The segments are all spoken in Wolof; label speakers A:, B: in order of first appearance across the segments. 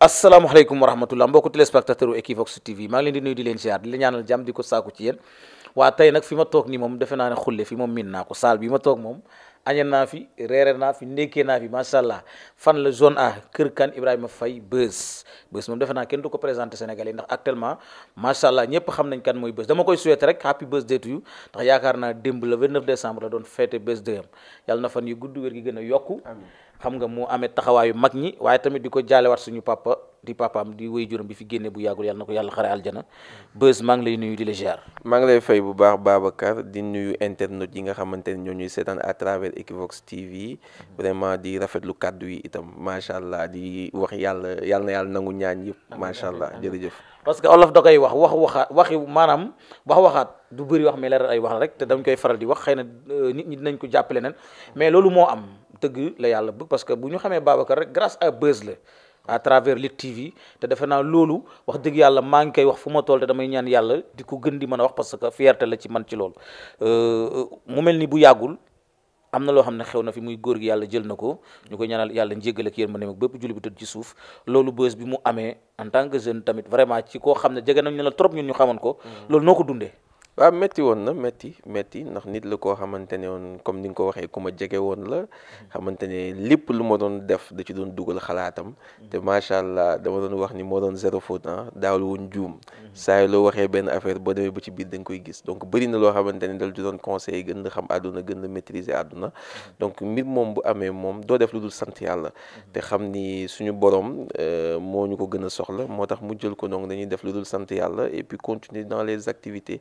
A: asalaamaaleykum wa rahmatullah mbokk téléspectateur u Equivox TV maa ngi leen di nuyu di leen ziar di la ñaanal jàmm di ko saaku ci yéen waa tey nag fi ma toog nii moom defe naa ne xulle fi moom min naa ko saal bi ma toog moom añe naa fi reere naa fi ndékkee naa fi macha allah fan la zone A Kër Kane Ibrahima fay Beuz Beuz moom defe naa kenn du ko présenté yi ndax actuellement macha allah ñëpp xam nañ kan mooy Beuz dama koy souhaiter rek happy birthday to you ndax yaakaar naa démb le 29 décembre doon fêté Beuz na fan yu gudd wér gi gën a yokku xam nga mu amee taxawaayu mag ñi waaye tamit di ko jaale waat suñu papa di papaam di wéy juróom bi fi génne bu yàggul yàlla na ko yàlla xare aljana
B: bés maa ngi lay nuyu di la maa ngi lay fay bu baax Babacar di nuyu internet yi nga xamante ne ñoo ñuy seetaan à travers Equivox TV vraiment di rafetlu kàddu yi itam macha allah di wax yàlla yàlla na yàlla nangu ñaan yëpp macha allah jërëjëf.
A: parce que olof da koy wax wax waxaat waxi maanaam wax waxaat du bëri wax mais leeral ay wax la rek te dam koy faral di wax xëy na euh, nit ñi dinañ ko jàppale nen mais loolu moo am. dëgg la yàlla bëgg parce que bu ñu xamee Babacar rek grâce à Buzz la à travers Lutte TV te defe naa loolu wax dëgg yàlla maa ngi koy wax fu ma tool te damay ñaan yàlla di ko gën di mën a wax parce que fierté la ci man ci loolu euh, mu mel ni bu yàggul am na loo xam ne xew na fi muy góor gi yàlla jël na ko ñu koy ñaanal yàlla njéggal ak yéen ma ne mag bépp julli bi tëdd ci suuf loolu bës bi mu amee en tant que jeune tamit vraiment ci koo xam ne jege nañ ne la trop ñun ñu xamoon ko mm. loolu
B: waa métti woon na métti métti ndax nit la koo xamante ne woon comme ni nga ko waxee ku jege woon la xamante ne lépp lu ma doon def da ci doon dugal xalaatam te macha allah dama doon wax ni moo doon zéro faute ah daawul woon juum saa loo waxee benn affaire boo demee ba ci biir da nga koy gis donc bëri na loo xamante ne dal di doon conseil gën la xam àdduna gën la maîtriser àdduna donc mbir moom bu amee moom doo def lu dul sant yàlla te xam ni suñu borom euh, moo ñu ko gën a soxla moo tax mu jël ko donc dañuy def lu dul sant yàlla et dans les activités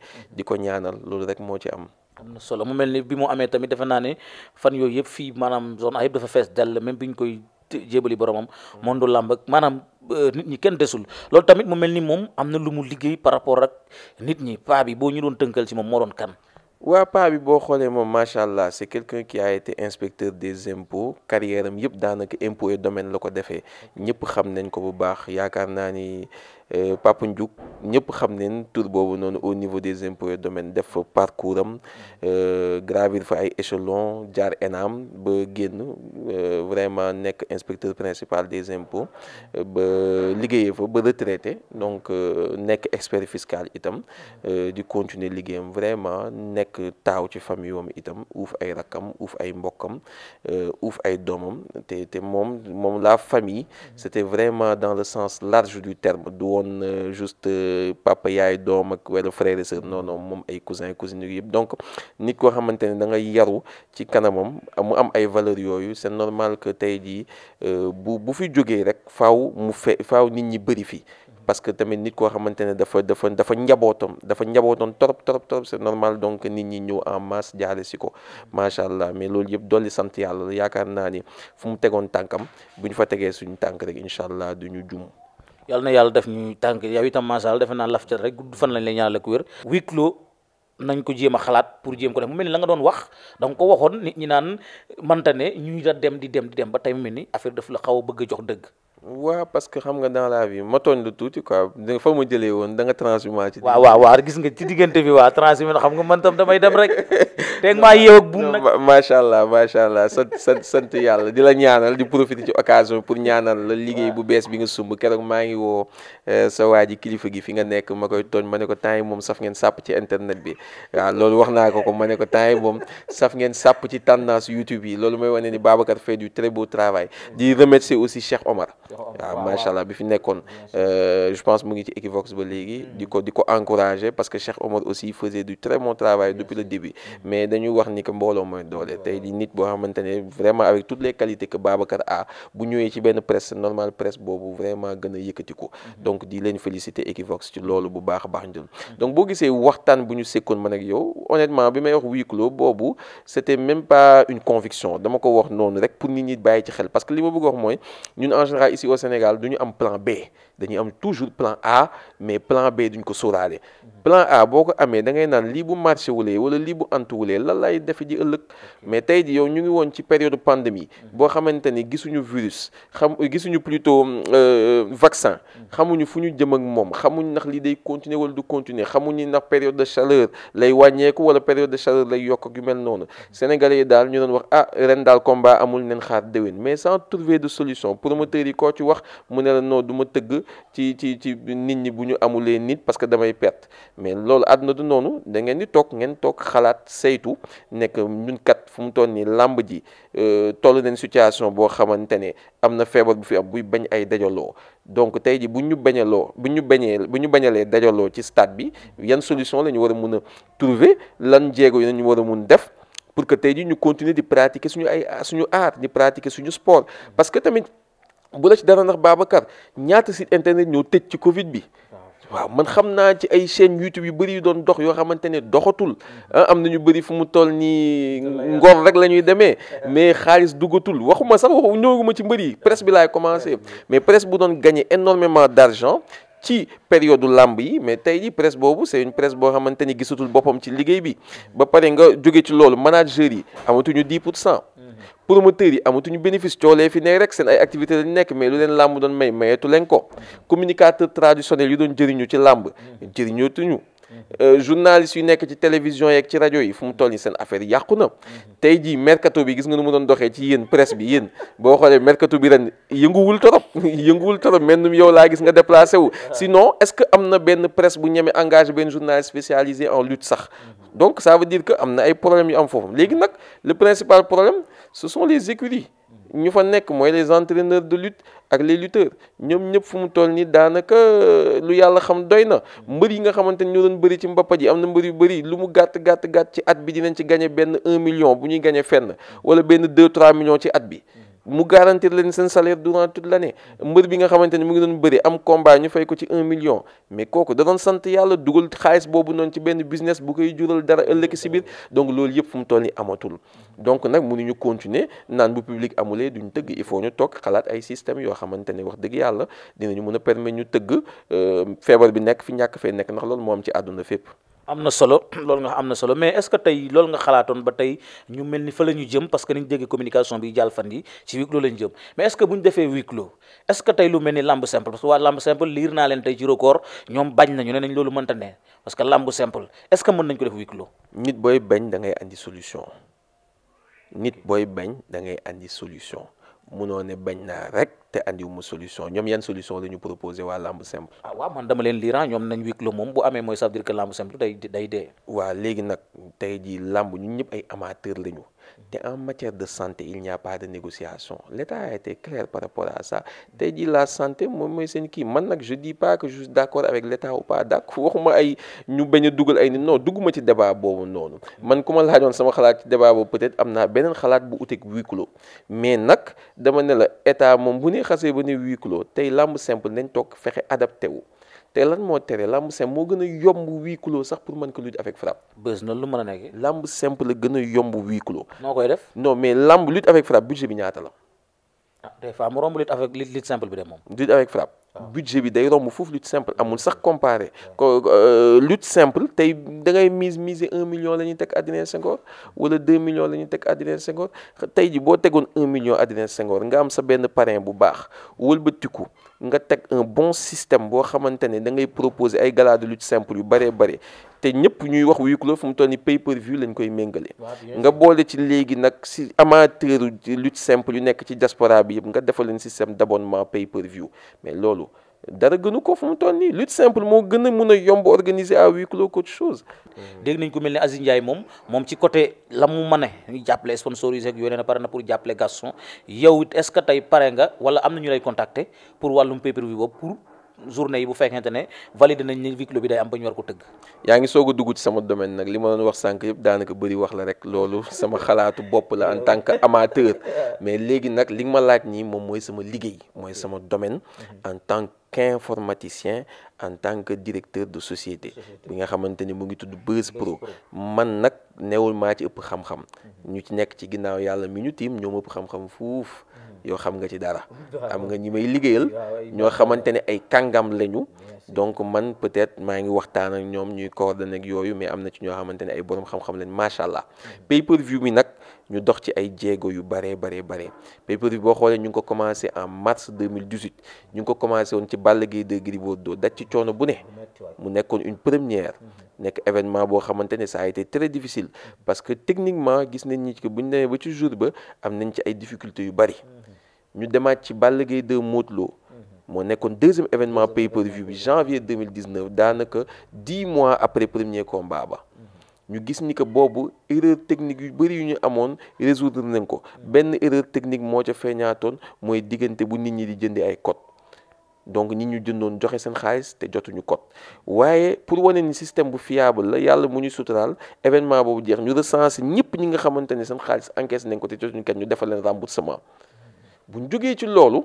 B: ko ñaanal loolu rek moo ci am.
A: am na solo mu mel ni bi mu amee tamit defe naa fan yooyu yëpp fii maanaam zone A yëpp dafa fees dell même bi ñu koy jébali boromam. Mm. mondu làmb ak maanaam euh, nit ñi kenn desul loolu tamit mu mel ni moom am na lu mu liggéey par rapport ak nit ñi paa bi boo ñu doon tënkal ci moom moo doon kan.
B: waa paa bi boo xoolee moom macha allah c'est quelqu'un qui a été inspecteur des impôts carrière yëpp daanaka impôt et domaine la ko defee ñëpp xam Euh, Papa Ndiouk ñëpp xam neen tur boobu noonu au niveau des impôts et domaines def fa parcours am euh, gravir fa ay échelons jaar ENAM ba génn euh, vraiment nekk inspecteur principal des impôts ba liggéeye fa ba retraité donc nekk expert fiscal itam di continuer liggéeyam vraiment nekk taaw ci famille wam itam uuf ay rakkam uuf ay mbokkam uuf ay doomam te moom moom la famille mm-hmm. c'était vraiment dans le sens large du terme woon euh, juste euh, papa yaay doom ak wala frère et sœur moom ay cousin cousine yëpp donc nit koo xamante ne da ngay yaru ci kanamam mu am ay valeurs yooyu c'est normal tey jii euh, bu bu fi jógee rek faaw mu fe nit ñi bëri fi. parce que tamit nit koo xamante ne dafa dafa dafa njabootam dafa njabootoon trop trop trop c'est normal donc nit ñi ñëw en masse jaare si ko macha allah mais loolu yëpp dolli sant yàlla yaakaar naa ni fu mu tegoon tànkam bu ñu fa tegee suñu tànk rek incha allah du ñu jum.
A: yàlla na yàlla def ñu tànk yow itam macha allah defe naa laf cat rek gudd fan lañ lay ñaanal ko wér. huis clos nañ ko jéem a xalaat pour jéem ko def mu mel ni la nga doon wax da ko waxoon nit ñi naan manta ne ñu da dem di dem di dem ba tey mu mel ni affaire daf la xaw a bëgg jox dëgg.
B: waaw parce que xam nga dans la vie ma tooñ lu tuuti quoi fa ma jëlee woon da nga transhumant ci waaw waaw waaw gis nga ci diggante bi waa transhumant xam
A: nga mantam damay dem rek
B: teg maa yeew buum nag macha allah macha allah sant sant sant yàlla di la ñaanal di profiter ci occasion pour ñaanal la liggéey bu bees bi nga sumb keroog maa ngi woo eh, sa waa ji kilifa gi fi nga nekk ma koy tooñ ma ne ko temps yi moom saf ngeen sàpp ci internet bi waaw loolu wax naa ko ko ma ne ko temps moom saf ngeen sàpp ci tendance YouTube yi loolu mooy wane ni Babacar fait du très beau travail aussi Cheikh Omar waaw ah, macha allah bi fi nekkoon euh, je pense mu ngi ci Equivox ba léegi. Mm. di ko di ko encourager parce que Cheikh Omar aussi faisait du très bon travail depuis le début. Mm. mais dañuy wax ni que mbooloo mooy doole mm. tey di nit boo xamante vraiment avec toutes les qualités que Babacar a bu ñëwee ci benn presse normale presse boobu vraiment gën a yëkkati ko. Mm-hmm. donc di leen féliciter Equivox ci loolu bu baax a baax ñu donc boo gisee waxtaan bu ñu sekkoon man ak yow honnêtement bi may wax huis clos boobu c'était même pas ko wax noonu rek pour nit ñi bàyyi ci xel parce que li ma bëgg wax mooy ici au Sénégal du ñu am plan B dañuy am toujours plan A mais plan B duñ ko sóoraale plan A boo ko amee da ngay naan lii bu marché wulee wala lii bu antuwulee lan lay def ji ëllëg mais tey ji yow ñu ngi woon ci période pandémie boo xamante ni gisuñu virus xam gisuñu plutôt euh, vaccin xamuñu fu ñu jëm ak moom xamuñ ndax lii day continuer wala du continuer xamuñu ndax période de chaleur lay wàññeeku wala période de chaleur lay yokk ak yu mel noonu sénégalais yi daal ñu doon wax ah ren daal combat amul mais solution koo ci wax mu ne la non du ma tëgg ci ci ci nit ñi bu ñu amulee nit parce que damay perte mais loolu àdduna du noonu da ngeen di toog ngeen toog xalaat saytu nekk ñun kat fu mu toll nii làmb ji euh, toll nañ situation boo xamante ne am na feebar bu fi am buy bañ ay dajaloo donc tey ji bu ñu bañaloo bu ñu bañee bu ñu bañalee dajaloo ci stade bi yan solution la ñu war a mun a trouver lan jéego yi la ñu war a mun def pour que tey ji ñu continuer di pratiquer suñu ay su art di pratiquer suñu sport bu la ci dara ndax Babacar ñaata site internet ñoo tëj ci Covid bi. waaw man xam naa ci ay chaîne YouTube yu bëri yu doon dox yoo xamante ne doxatul hmm. ah, am na ñu bëri fu mu toll nii ngor rek la ñuy demee mais xaalis duggatul waxuma sax waxu ñëwaguma ci mbëri presse bi laay commencé hmm. mais presse bu doon gagné énormément d'argent ci période làmb yi mais tey ji presse boobu c'est une presse boo xamante ni gisatul boppam ci liggéey bi hmm. ba pare nga jóge ci loolu managers yi amatuñu 10 pour cent promoteurs yi amatuñu bénéfice coolee fi ne rek seen ay activité lañ nekk mais lu leen làmb doon may mayeetu leen ko communicateur traditionnel yu doon jëriñu ci làmb jëriñootuñu euh, journalistes yu nekk ci télévision yeeg ci rajo yi fu mu toll nii seen affaire yi yàqu na tey ji mercato bi gis nga nu mu doon doxee ci yéen presse bi yéen boo xoolee mercato bi ren yënguwul torop yënguwul torop mel yow laa gis nga déplacé wu sinon est-ce que am na benn presse bu ñeme engagé benn journaliste spécialisé sax donc ça veut dire que am na ay problèmes yu am foofu léegi nag le principal problème ce sont les écuries ñu fa nekk mooy les entraîneurs de lutte ak les lutteurs ñoom ñëpp fu mu toll nii daanaka euh, lu yàlla xam doy na mbër yi nga xamante ni ñoo doon bëri ci mbappa ji am na mbër yu bëri lu mu gàtt gàtt gàtt ci at bi dinañ ci gagné benn un million bu ñuy gagné fenn wala benn 2 3 millions ci at bi. mu garantir leen seen salaire durant toute l' mbër bi nga xamante ne mu ngi doon bëri am combat ñu fay ko ci un million mais kooku da sant yàlla dugal xaalis boobu noonu ci benn business bu koy jural dara ëllëg si biir donc loolu yëpp fu mu toll nii amatul donc nag mu ñu continuer naan bu public amulee duñ tëgg il faut ñu toog xalaat ay système yoo xamante ne wax dëgg yàlla dinañu mën a permettre ñu tëgg euh, feebar bi nekk fi ñàkk fee nekk ndax loolu moo ci àdduna fépp
A: am na solo loolu nga am na solo mais est-ce que tey lool nga xalaatoon ba tey ñu mel ni fa la ñu jëm parce que ni ñu déggee communication bi jàll fan yi ci huis clos la ñu jëm mais est-ce que bu ñu defee huis clos est-ce que tey lu mel ni lamb simple parce que waa lamb simple liir naa leen tey ci record ñoom bañ nañu ne nañ loolu mënta ne parce que
B: lamb simple est-ce que mën nañ ko def huis clos nit booy bañ da ngay andi solution nit booy bañ da ngay andi solution munoo ne bañ naa rek te andiw mu solution ñoom yan solution la ñu proposé waa lamb simple. ah waaw man dama leen liiran ñoom nañ wik la moom bu amee mooy ça veut dire que lamb simple day day dee. waa léegi nag tey jii lamb ñu ñëpp ay amateur lañu. te en matière de santé il n'y a pas de négociation l'État a été clair par rapport à ça tey jii la santé moom mooy seen kii man nag je dis pas que je suis d'accord avec l'État ou pas d'accord waxuma ay ñu bañ a dugal ay nit non dugguma ci débat boobu noonu man ku ma laajoon sama xalaat ci débat boobu peut-être am naa beneen xalaat bu uteeg huis clos mais nag dama ne la État moom bu ne xasee ba ne huis clos tey làmb simple nañ toog fexe adapté wu te lan moo tere lamb simple moo gën a yomb huis clos sax pour mën ko lutte avec frappe. bés na lu mën a nekkee. lamb simple la gën a yomb huis clos. noo koy def non mais lamb lutte avec frappe budget bi ñaata la.
A: ah des fois mu romb lutte avec lutte simple bi de moom.
B: Ah. budget bi day romb foofu lutte simple amul sax comparé. Ah. ko euh, simple tey da ngay mise mise un million la ñuy teg Adrien Senghor wala deux millions la ñuy teg Adrien Senghor tey ji boo tegoon un million Adrien Senghor nga am sa benn parrain bu baax wëlbatiku. nga teg un bon système boo xamante ne da ngay proposer ay gala de lutte simple yu bëree bëri te ñëpp ñuy wax huis clos fu mu toll ni pay per view lañ koy méngale nga boole ci léegi nag si amateur lutte simple yu nekk ci diaspora yëpp nga defal leen système d'abonnement pay per view mais loolu dara gënu ko fu mu toll nii lutte simple moo gën a mun a yomb organiser à huis
A: clos qu'autre chose. Mm. dégg nañ ko mel ni Aziz Ndiaye moom moom ci côté la mu mën a jàppale sponsorisé ak yooyu na pare na pour jàppale Gaston yow it est-ce que tey pare nga wala am na ñu lay contacter pour wàllum pay-per-view boobu pour journée yi bu fekkente ne valide nañ ni huis clos bi day am ba ñu war ko tëgg.
B: yaa ngi soog a dugg ci sama domaine nag li ma doon wax sànq yëpp daanaka bëri wax la rek loolu sama xalaatu bopp la en tant que amateur mais léegi nag li nga ma laaj nii moom mooy sama liggéey mooy sama domaine mm-hmm. qu'informaticien en tant que directeur de société bi nga xamante ni mu ngi tudd Buzz Pro man nag newul maa ci ëpp xam-xam mhm. ñu ci nekk ci ginnaaw yàlla mi ñu tiim ñoom ëpp xam-xam fuuf mhm. yoo xam nga ci dara am nga ñi may liggéeyal ñoo xamante ne ay kàngam lañu donc man peut-être maa ngi waxtaan ak ñoom ñuy coordonné ak yooyu mais am na ci ñoo xamante ne ay boroom xam-xam lañ macha allah mhm. pay-per-view mi nag ñu dox ci ay jéego yu bare baree baree pay-per-view boo xoolee ñu ngi ko commencé en mars 2018 ñu ngi ko commencé woon ci Balla Gaye 2 Gris Bordeaux ci coono bu ne mu nekkoon une première mhm. nekk événement boo xamante ne ça a été très difficile parce que techniquement gis nañ ni que bu ñu demee ba ci jour ba am nañ ci ay difficultés yu bari mhm. ñu demaat ci Balla Gaye 2 Modou Lô mhm. moo nekkoon deuxième événement pay-per-view bi janvier 2019 daanaka dix mois après premier combat ba ñu gis ni que boobu erreur technique yu bëri yu ñu amoon résoudre nañ ko benn erreur technique moo ca feeñaatoon mooy diggante bu nit ñi di jëndee ay code donc nit ñu jëndoon joxe seen xaalis te jotuñu code waaye pour wane ni système bu fiable la yàlla mu ñu suturaal événement boobu jeex ñu recensé ñëpp ñi nga xamante ne seen xaalis encaisse nañ ko te jotuñu kat ñu defal leen remboursement bu ñu jógee ci loolu.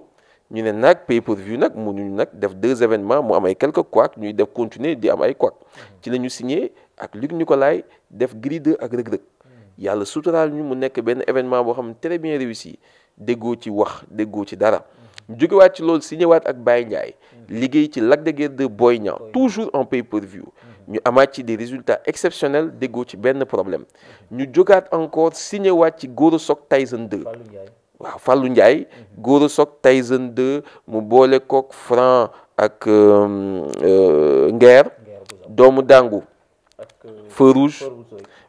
B: ñu ne nag pay per view nag mënuñu nag def deux événements mu am ay quelques couacs ñuy def continuer di am ay couacs mm-hmm. ci la ñu signé ak Luc Nicolaï def Gris 2 ak Reug Reug mm-hmm. yàlla suturaal ñu mu nekk benn événement boo xam ne très bien réussi déggoo ci wax déggoo ci dara mm-hmm. ñu jógewaat ci loolu signé waat ak Baye Ndiaye liggéey ci Lac de Guiers 2 Boy Niang toujours en pay per view ñu amaat ci di résultats exceptionnels déggoo ci benn problème ñu jógaat encore signé waat ci Goro Sock Tyson 2 waaw Fallou Ndiaye mhm. góor soog Tyson de mu boole kook Franc ak euh, euh, Nguer doomu dàngu euh, feu rouge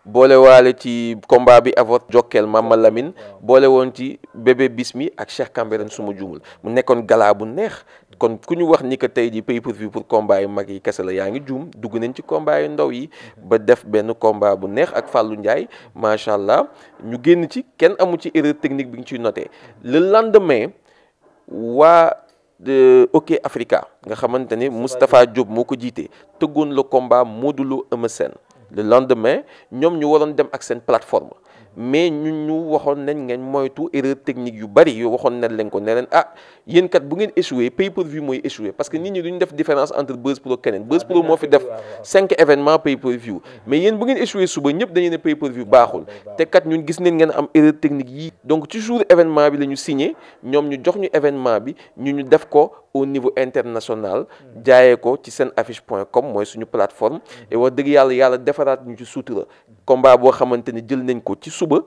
B: boole waale ci combat bi avot Jokkel Mama Lamine boole woon ci bébé Bismi ak Cheikh Cambérène suma juumul mu nekkoon galaa bu neex kon ku ñu wax ni que tey jii pay pour view pour combat yu mag yi kese la yaa ngi juum dugg nañ ci combat yu ndaw yi ba def benn combat bu neex ak fàllu Ndiaye macha allah ñu génn ci kenn amu ci erreur technique bi nga ciy noté le lendemain waa OK Africa nga xamante ni Moustapha Diop moo ko jiite tëggoon le combat Modou Lo Eumeu Sène le lendemain ñoom ñu waroon dem ak seen plateforme. mais ñun ñu waxoon nañ ngeen moytu erreur technique yu bari yu waxoon nañ leen ko ne leen ah yéen kat bu ngeen échoué pay per view mooy échoué parce que nit ñi duñ def différence entre Buzz Pro keneen Buzz Pro moo fi def cinq événements pay per view mais yéen bu ngeen échoué suba ñëpp dañu ne pay per view baaxul te kat ñun gis nañ ngeen am erreur technique yii donc ci jour événement bi la ñu ñoom ñu jox ñu événement bi ñu ñu def ko au niveau international jaayee ko ci seen affiche point com mooy suñu plateforme et wax dëgg yàlla yàlla defaraat ñu ci sutura combat boo xamante ne jël nañ ko ci suba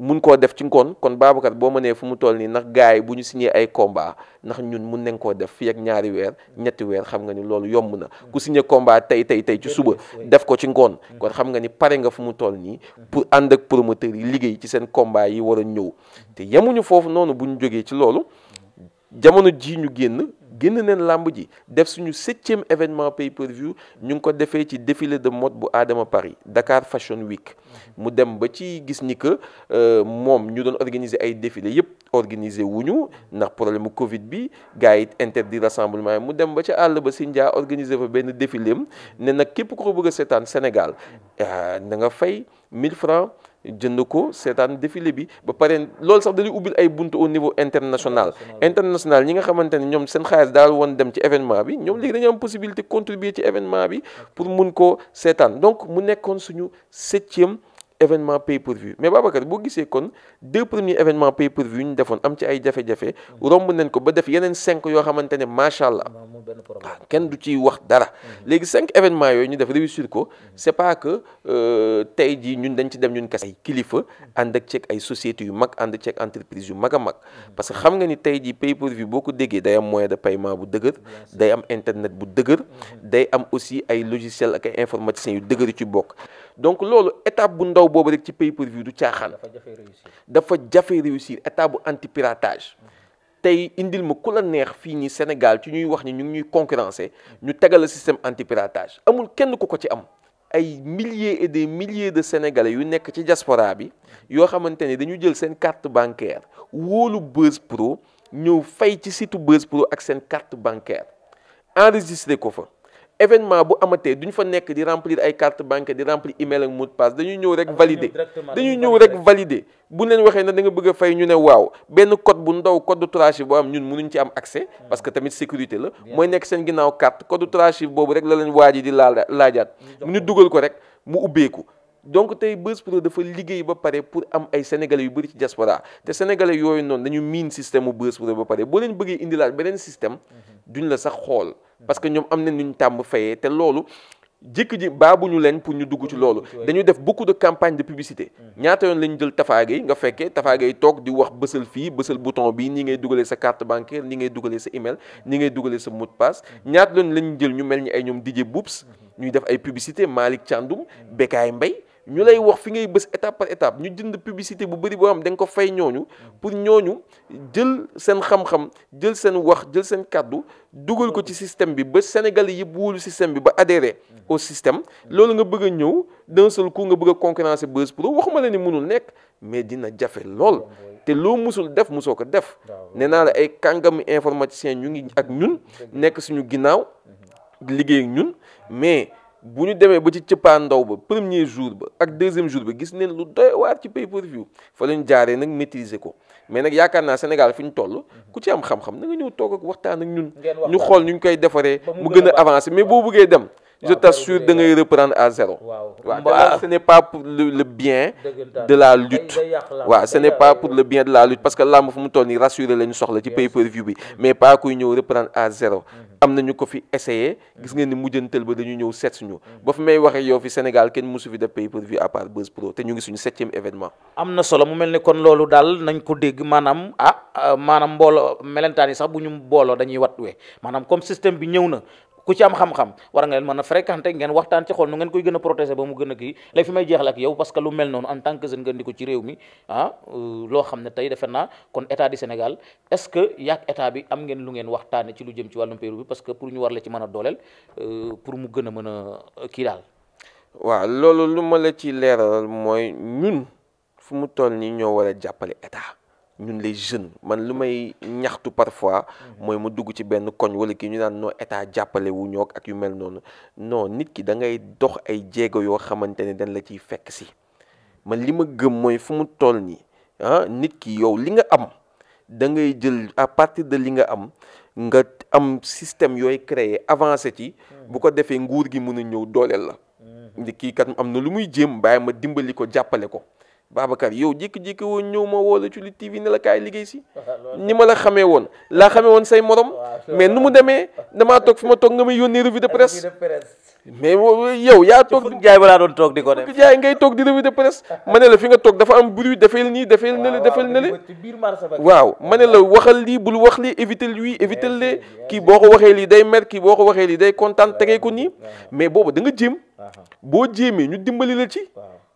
B: mun koo def ci ngoon kon Babacar boo mënee fu mu toll nii ndax gaa yi bu ñu signé ay combat ndax ñun mun nañ koo def fi ak ñaari weer ñetti weer xam nga ni loolu yomb na ku signé combat tey tey tey ci suba def ko ci ngoon kon xam nga ni pare nga fu mu toll nii pour ànd ak promoteurs yi liggéey ci seen combat yi war a ñëw te yemuñu foofu noonu bu ñu jógee ci loolu jamono jii ñu génn génn neen làmb ji def suñu septième événement pay per view ñu ngi ko defee ci défilé de mode bu Adama Paris Dakar Fashion Week mu dem ba ci gis ni que euh, moom ñu doon organiser ay défilé yëpp organiser wuñu ndax problème mu Covid bi gars yi interdit rassemblement yi mu dem ba ca àll ba Sindia organiser fa benn défilé am ne nag képp ko bëgg a seetaan Sénégal da euh, fay francs jënd ko seetaan défilé bi ba pare loolu sax dañuy ubbil ay buntu au niveau international international ñi nga xamante ne ñoom seen xaalis daal woon dem ci événement bi ñoom léegi dañu am possibilité contribuer ci événement bi pour mun ko seetaan donc mu nekkoon suñu septième événement pay-per-view mais Babacar boo gisee kon deux premiers événements pay-per-view ñu defoon am ci ay jafe-jafe romb nañ ko ba def yeneen cinq yoo xamante ne macha allah ah, kenn du ciy wax dara mhm. léegi cinq événement yooyu ñu def réussir ko mhm. c'est pas que euh, tey jii ñun dañ ci dem ñun kese ay kilifa ànd ak ceeg ay sociétés yu mag ànd ceeg entreprise yu mag a mag mhm. parce que xam nga ni tey jii pay-per-view boo ko déggee day am moyen de paiement bu dëgër day am internet bu dëgër day am aussi ay logiciel ay informaticiens yu dëgër ci bokk donc loolu étape bu ndaw boobu rek ci pay per view du caaxaan. dafa jafe réussir dafa jafe réussir étape bu anti tey indil ma ku la neex fii nii Sénégal ci ñuy wax ni ñu ngi ñuy concurrencer ñu tegal système anti amul kenn ku ko ci am. ay milliers et des milliers de sénégalais yu nekk ci diaspora bi yoo xamante ne dañu jël seen carte bancaire wóolu Buzz pour ñëw fay ci site Buzz pour ak seen carte bancaire enregistré ko fa. événement bu amatee duñ fa nekk di remplir ay carte bancaire di remplir email ak mot de passe dañuy ñëw rek valider dañuy ñëw rek valider bu leen waxee ne danga nga bëgg fay ñu ne waaw benn code bu ndaw code de tracé boo am ñun mënuñ ci am accès hmm. parce que tamit sécurité la mooy nekk seen ginnaaw carte code de tracé boobu rek la leen waa ji di laajaat mu ñu dugal ko rek mu ubbeeku donc tey Buzz Pro dafa liggéey ba pare pour am ay sénégalais yu bari ci diaspora te sénégalais yooyu noonu dañu miin système bu Pro ba pare boo leen bëggee indilaat beneen système hmm. la sax xool parce que ñoom am na nu ñu tàmm fayee te loolu jikk ji baabuñu leen pour ñu dugg ci loolu dañuy def beaucoup de campagne de publicité mm. ñaata yoon la ñu jël tafaage yi nga fekkee tafaage yi toog di wax bësal fii bësal bouton bi ni ngay dugale sa carte bancaire ni ngay dugalee sa email ni ngay dugalee sa mot de passe mm. ñaata yoon la ñu jël ñu mel ni ay ñoom DJ Boops mm-hmm. ñuy def ay publicité Malick Thiandoum mm. Bekaay Mbaye ñu lay wax fi ngay bës étape par étape ñu jënd publicité bu bëri boo xam da nga ko fay ñooñu pour ñooñu jël seen xam-xam jël seen wax jël seen kàddu dugal ko ci système bi ba Sénégalais yëpp wóolu système bi ba adhéré au système loolu nga bëgg a ñëw d'un seul coup nga bëgg a concurrencer Buzz Pro waxuma la ni mënul nekk mais dina jafe lool te loo musul def musoo ko def nee naa la ay kàngami informaticien ñu ngi ak ñun nekk suñu ginnaaw ñun mais bu ñu demee ba ci cëppaandaw ba premier jour ba ak deuxième jour ba gis neen lu doy waar ci pay per view fa la ñu jaaree nag maîtriser ko mais nag yaakaar naa Sénégal fu ñu toll ku ci am xam-xam na ñëw toog ak waxtaan ak ñun ñu xool ñu koy defaree mu gën a avancé mais boo bëggee dem je t'assure da ngay reprendre à zéro waaw ce n'est pas pour le bien de la lutte waaw ce n'est pas pour le bien de la lutte parce que làmb fu mu toll nii rassurer la ñu soxla ci pay per view bi mais pas kuy ñëw reprendre à zéro mm-hmm. am nañu ko fi essayé gis ngeen ni mujjantal ba dañu ñëw seet suñu mm-hmm. ba fi may waxee yow fi Sénégal kenn mosu fi def pay per view à part Buzz Pro te ñu ngi suñu septième événement
A: am na solo mu mel ni kon loolu daal nañ ko dégg maanaam ah, maanaam mbooloo melentaan yi sax bu ñu mbooloo dañuy wat wee maanaam comme système bi ñëw na ku ci am xam-xam war ngeen mën a fréquenter ngeen waxtaan ci xool nu ngeen koy gën a protéger ba mu gën a kii léegi fi may jeexal ak yow parce que lu mel noonu en tant que jeune ngeen di ci réew mi ah, euh, loo xam ne tey defe naa kon état du Sénégal est-ce que yaak état bi am ngeen lu ngeen waxtaane ci lu jëm ci wàllum Pérou bi parce que pour ñu war la ci mën a dooleel euh, pour mu gën a mën a euh, kii daal
B: waaw loolu lu ma la ci leeralal mooy ñun fu mu toll nii ñoo war a jàppale état ñun les jeunes man lu may ñaxtu parfois mooy ma dugg ci benn koñ wala kii ñu naan noo état jàppale wu ñoog ak yu mel noonu non nit ki da ngay dox ay jéego yoo xamante ne dañ la ciy fekk si man li ma gëm mooy fu mu toll nii ah nit ki yow li nga am da ngay jël à partir de li nga am nga am système yooyu créer avancer ci bu ko defee nguur gi mun a ñëw dooleel la. Mm-hmm. ndi kii kat am na lu muy jéem bàyyi ma dimbali ko jàppale ko. Babacar yow jékki-jékki woon ñëw ma woo la ci Lutte TV ne la kaay liggéey si ni ma la xamee woon laa xame woon say morom mais nu mu demee damaa toog fi ma toog nga may yónnee revue de presse mais yow yaa toog jaay balaa doon toog di ko def ngay toog di revue de presse ma ne la fi nga toog dafa am bruit defeel nii defeel nale defeel nale waaw ma ne la waxal lii bul wax lii éviter lui éviter lee kii boo ko waxee lii day mer kii boo ko waxee lii day kontaan tegee ko nii mais boobu da nga jéem boo jéemee ñu dimbali la ci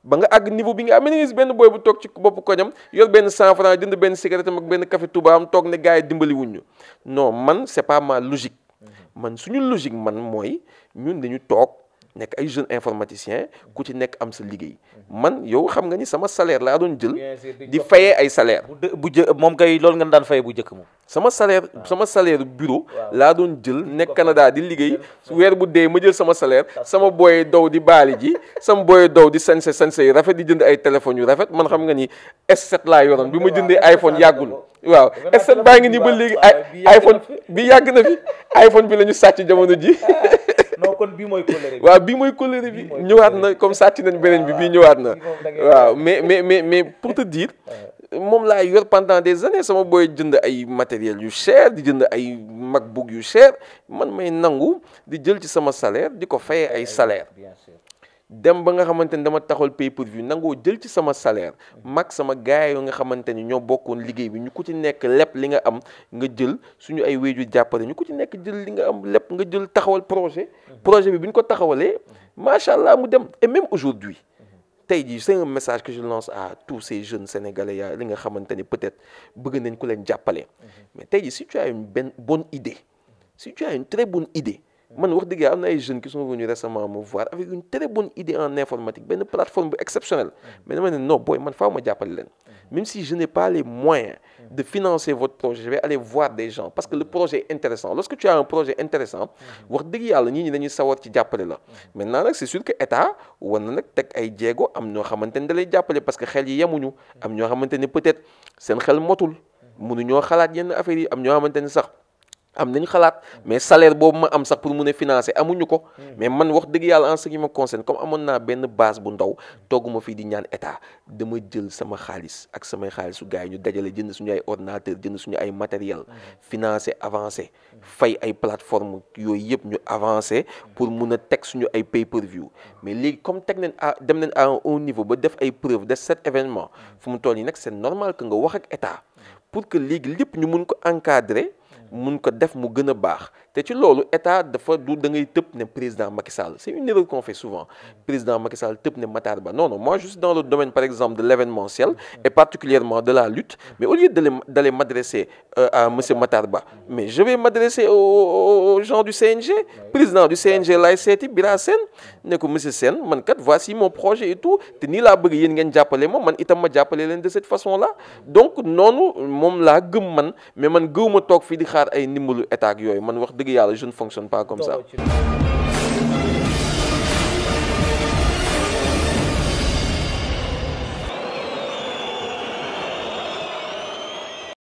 B: ba nga àgg niveau bi nga am ne gis benn booy bu toog ci bopp koñam yor benn cent franc jënd benn cigarette am ak benn café tubaam toog ne gars yi dimbali wuñu non man c'est pas ma logique mhm. man suñu logique man mooy ñun dañu toog nekk ay jeunes informaticiens ku ci nekk am sa liggéey man yow xam nga ni sama salaire laa doon jël di fayee ay salaire bu jë moom kay loolu nga daan fayee bu njëkk moom sama salaire sama salaire bureau laa doon jël nekk Canada di liggéey weer bu dee ma jël sama salaire sama booy daw di baali ji sama booy dow di sañse sañse yu rafet di jënd ay téléphones yu rafet man xam nga ni S7 laa yoroon bi ma jëndee iPhone yàggul waaw S7 baa ngi nii ba yàgg na fi bi la ñu sàcc jamono
A: kon bii mooy colère
B: bi waaw bii mooy colère bi ñëwaat na comme sàcc nañ beneen bi bii ñëwaat na waaw mais mais mais mais pour te dire moom laa yor pendant des années sama booy jënd ay matériel yu cher di jënd ay MacBook yu cher man may nangu di jël ci sama salaire di ko fayee ay salaire dem ba nga xamante ni dama taxal pay per view nangoo jël ci sama salaire mag sama gaay yu nga xamante ni ñoo bokkoon liggéey bi ñu ko ci nekk lépp li nga am nga jël suñu ay wéju jàppale ñu ku ci nekk jël li nga am lépp nga jël taxawal projet projet bi bi ñu ko taxawalee macha allah mu dem et même aujourd'hui tey jii c'est un message que je lance à tous ces jeunes sénégalais yaa li nga xamante ni peut-être bëgg nañ ku leen jàppale mhm. mais tey ji si tu une benn bonne idée si tu une très bonne idée man wax dëgg yàlla am na ay jeunes qui sont venus récemment me voir avec une très bonne idée en informatique benn plateforme bu exceptionnelle mm. mais dama ne non booy man faaw ma jàppale leen mm. même si je n'ai pas les moyens de financer votre projet je vais aller voir des gens parce que le mm. projet est intéressant lorsque tu as un projet intéressant wax dëgg yàlla ñii ñi dañuy sawar ci jàppale la maintenant nag c'est sûr que état war na nag teg ay jéego am ñoo xamante ne da jàppale parce que xel yi yemuñu am ñoo xamante ne peut-être seen xel motul mënuñoo xalaat yenn affaires yi am ñoo xamante ne sax am nañ xalaat mais salaire boobu ma am sax pour mun a financer amuñu ko mais man wax dëgg yàlla en ce ma me concerne comme amoon naa benn base bu ndaw togguma fii di ñaan état dama jël sama xaalis ak samay xaalisu gars yi ñu dajale jënd suñu ay ordinateur jënd suñu ay matériel financer avancer fay ay plateforme yooyu yëpp ñu avancé pour mun a teg suñu ay pay per mais léegi comme teg nañ à dem nañ à un haut niveau ba def ay preuve de cet événement fu mu toll nii nag c'est normal que nga wax ak état pour que léegi lépp ñu mun ko encadrer mun ko def mu gën a baax te ci loolu état dafa du da ngay tëb ne président Macky Sall c'est une erreur qu'on fait souvent président Macky Sall tëb ne Matar Ba non non moi je suis dans mais au lieu d'aller d'aller m'adresser euh, président du CNG laay seeti Bira Sène ne man kat voici projet et tout nii laa bëgg yéen ngeen jàppale ma man itam ma jàppale leen de façon là donc noonu moom laa gëm man mais man gëwuma toog fii di xaar ay ndimbalu état ak yooyu man wax dëgg yàlla ne fonctionne pas